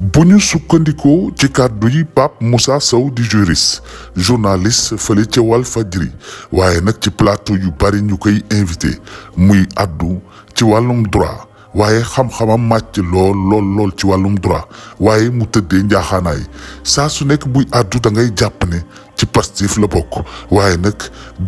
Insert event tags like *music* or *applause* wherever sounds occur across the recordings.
bu ñu sukkandikoo ci kàddu yi Pape Moussa Sow di juriste journaliste ci wal Walfadjri waaye nag ci plateau yu bari ñu koy invité muy addu ci wàllum droit waaye xam-xamam màcc lool lool lool ci wàllum droit waaye mu tëddee njaaxaanaay saa su nekk buy addu da ngay jàpp ci Pastef la bokk waaye nag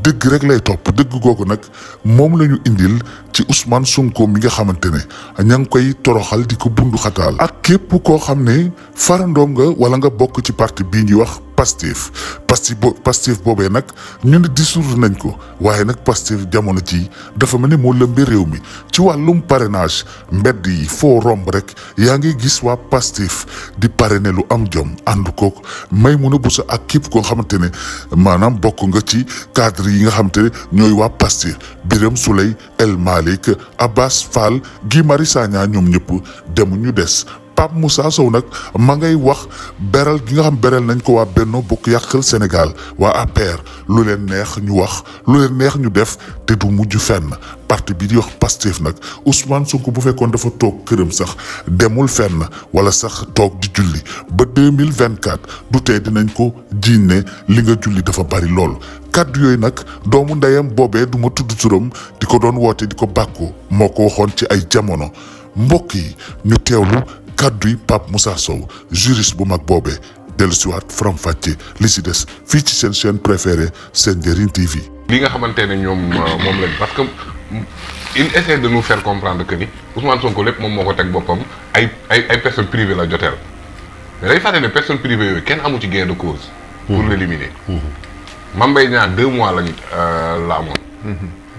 dëgg rek lay topp dëgg googu nag moom lañu indil ci Ousmane Sonko mi nga xamante ne ña ngi koy toroxal di ko bundu xataal ak képp koo xam ne farandoom nga wala nga bokk ci parti bii ñuy wax Pastef Pastef bo Pastef boobee nag ñu ne dissoudre nañ ko waaye nag Pastef jamono ci dafa mel ni moo lëmbee réew mi ci wàllum parrainage mbedd yi foo romb rek yaa ngi gis waa pastif di parrainer lu am jom ànd may koog Maimouna Bousso ak képp koo xamante ne maanaam bokk nga ci cadre yi nga xamante ne ñooy waa Pastef Birame Souleye El Malick Abbas Fall Guy Marius ñoom ñëpp demu ñu des Pape Moussa Sow nag ma ngay wax beral gi nga xam beral nañ ko waa benn Bokk Yàqal Sénégal waa APR lu leen neex ñu wax lu leen neex ñu def te du mujj fenn parti bi di wax Pastef nag Ousmane Sonko bu fekkoon dafa toog këram sax demul fenn wala sax toog di julli ba deux mille vingt quatre du tey dinañ ko jiiñ ne li nga julli dafa bari lool. kàddu yooyu nag doomu ndeyam boobee du ma tudd turam di ko doon woote di ko bàkku moo ko waxoon ci ay jamono mbokk yi ñu teewlu. kàdduy Pape Moussa Sow juriste bu mag boobee dellusiwaat faram fàcce li si des fii ci seen chaîne préférée seen Njëriñ TV. li nga xamante ne ñoom euh, moom lañ parce que il essaie de nous faire comprendre que ni Ousmane Sonko lépp moom moo ko teg boppam ay ay ay personnes privées la joteel mais day fàtte ne personne privées yooyu kenn amu ci gain de cause. pour mmh. l'éliminer. Mmh. Mame Mambay Niang deux mois lañ euh, la amoon. Mmh.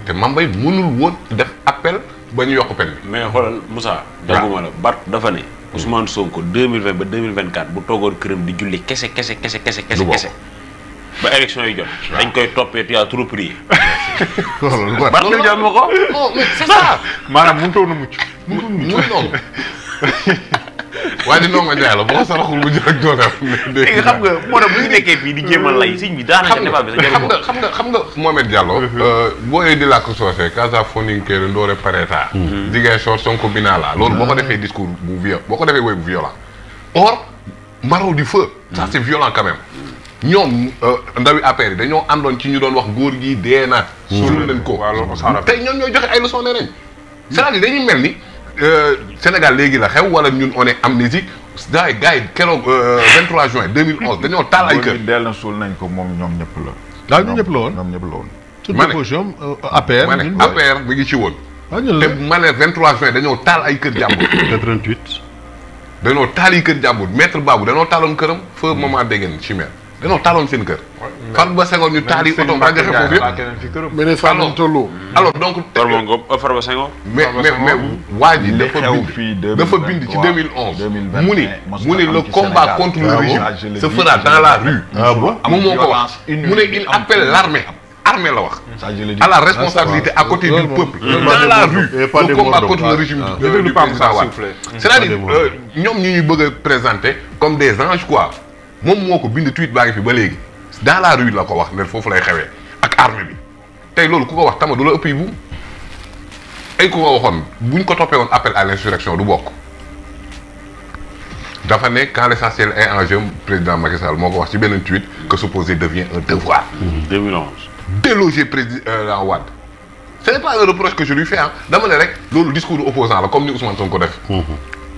te Mame Mbaye mënul woon def appel ba ñu yokk peine bi. mais xoolal Moussa. waaw daguma la Bart dafa ne. Ousmane Sonko 2020 ba 2024 bu toogoon këram di julli kese kese kese kese kese kese ba élection yi jot. dañ koy toppee tu as trop prié. *laughs* loolu la loolu la ko. non mais c'est ça. maanaam mënut too woon a mucc. mënut a mucc waa di ndongo la boo ko saraxul mu jël ak dooleem. dégg nga xam nga moo tax nekkee fii di jéem a lay sëñ bi daanaka débat bi sa xam nga xam nga xam nga Mohamed Diallo. Mhm. Euh, booyee di làkk soose Casa Foninkeere Ndoore Pareta. Mhm. Ziguinchor Sonko Binala. Mhm. loolu boo ko defee discours bu viol boo ko defee woy bu violent. or maraud du feu. ça c'est violent quand même. ñoom euh, ndawi dañoo àndoon ci ñu doon wax góor gi dee na. suul nañ ko tey ñoom ñooy joxe ay leçons nee nañ. c'est-à-dire dañuy mel ni Euh, Sénégal légui la xew wala ñun on est amnésique gars yi gars yi 23 euh, juin 2011 dañu taal ay kër. dell na sul nañ ko mom ñom ñëpp la. daaw ñu ñëpp la woon ñoom ñëpp la woon. toute APR APR mi ngi ci woon. té ah, ñun 23 juin dañu tal ay kër jàmbur. 88. dañu tal ay kër jàmbur maître babu dañu talon këram feu moment dégen ci chimère talon taaloon seen kër. fan ba Senghor ñu taal yi oto ba joxe foofu yëpp. mais Tolo. alors donc. Farba Ngom euh, Farba quoi mais mais mais waa le dafa bind dafa 2011. le combat contre le régime ah, se fera dans la rue. Ah moo ko il appelle l'armée armée la wax. à la responsabilité ah, à côté du peuple. dans la rue le combat contre le régime du président Wade. c'est-à-dire nous euh, ñi ñu bëgg présenter comme des anges quoi moom moo ko bind tweet baa ngi fi ba léegi dans la rue la ko wax ne foofu lay xewee ak armée bi tey loolu ku ko wax tama du la ëpp yi bu ay ku ko waxoon buñ ko toppee woon appel à l'insurrection du bokk dafa ne quand l'essentiel est en jeu président Macky Sall moo ko wax ci benn tweet que s'opposer devient un devoir. 2011. Mmh. déloger président euh, Wade ce n'est pas un reproche que je lui fais ah dama ne rek loolu discours opposant la comme ni Ousmane Sonko def. Mmh.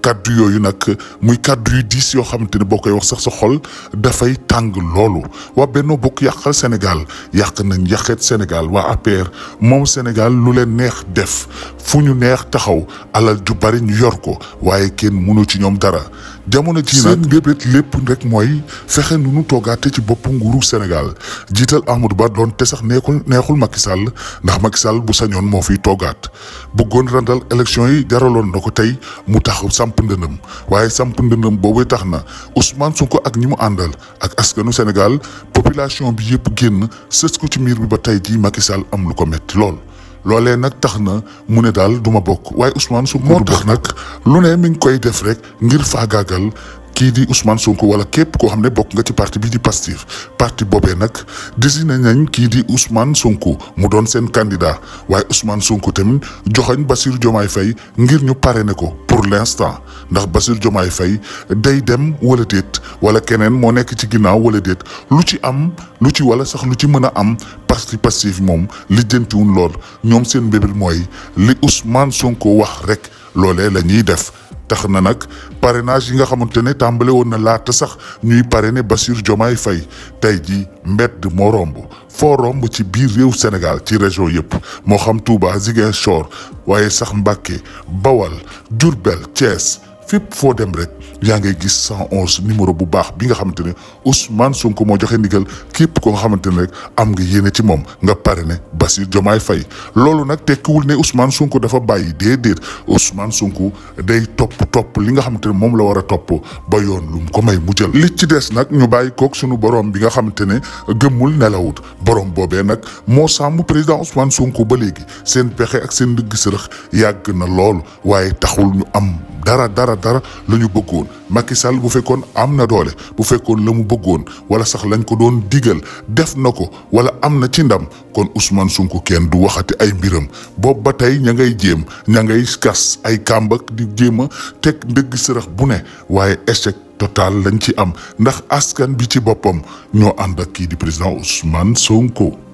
kaddu yooyu nag muy kaddu yi diis yoo xamante ne boo koy wax sax sa xol dafay tàng loolu waa Benno Bokk Yàqal Sénégal yàq nañ yàqeet Sénégal waa APR moom Sénégal lu leen neex def fu ñu neex taxaw alal ju bari ñu yor ko waaye kenn mënu ci ñoom dara jamono ji nag seen mbébét lépp rek mooy fexe nu nu toogaate ci bopp nguuru Sénégal jiital Amadou Ba doon te sax neexul neexul Macky Sall ndax Macky Sall bu sañoon moo fi toogaat buggoon randal élection yi jaraloon na ko tey mu taxaw samp ndëndëm waaye samp ndëndëm boobu tax na Ousmane Sonko ak ñi mu àndal ak askanu Sénégal population bi yëpp génn sës ko ci miir bi ba tey jii Macky Sall am lu ko metti lool. loolee nag tax na mu ne daal duma bokk waaye Ousmane Sonko moo tax nag lu ne mi koy def rek ngir faagaagal kii di Ousmane Sonko wala képp koo xam ne bokk nga ci parti bi di Pastef parti boobee nag désigné nañ kii di Ousmane Sonko mu doon seen candidat waaye Ousmane Sonko tamit joxañ Bassirou Diomaye Faye ngir ñu pare ne ko pour l'instant ndax Bassirou Diomaye Faye day dem wala déet wala keneen moo nekk ci ginnaaw wala déet lu ci am lu ci wala sax lu ci mën a am parti Pastef moom lijjantiwuñ lool ñoom seen mbébét mooy li Ousmane Sonko wax rek loole la ñuy def tax na nag parrainage yi nga xamante ne tàmbale woon na laata sax ñuy ne Bassirou Diomaye fay tey ji mbedd moo romb foo romb ci biir réew Sénégal ci région yëpp moo xam Touba Ziguinchor waaye sax mbake Bawal Diourbel Thiès fépp foo dem rek yaa ngay gis 111 numéro bu baax bi nga xamante ne Ousmane Sonko moo joxe ndigal képp ko nga xamante ne rek am nga yéene ci moom nga pare ne Bassirou Diomaye fay loolu nag tekkiwul ne Ousmane Sonko dafa bàyyi déedéet Ousmane sunk day topp topp li nga xamante ne moom la war a topp ba yoon lu mu ko may mu jël. li ci des nag ñu bàyyi kook sunu borom bi nga xamante ne gëmmul nelawut borom boobee nag moo sàmm président Ousmane sunk ba léegi seen pexe ak seen ndëgg yàgg na lool waaye taxul ñu am. dara dara dara la ñu bëggoon Macky Sall bu fekkoon am na doole bu fekkoon la mu bëggoon wala sax lañ ko doon digal def na ko wala am na ci ndam kon Ousmane Sonko kenn du waxati ay mbiram boobu ba tey ña ngay jéem ña ngay kas ay kàmbak di jéem a teg ndëgg sërëx bu ne waaye échec total lañ ci am ndax askan bi ci boppam ñoo ànd ak kii di président Ousmane Sonko.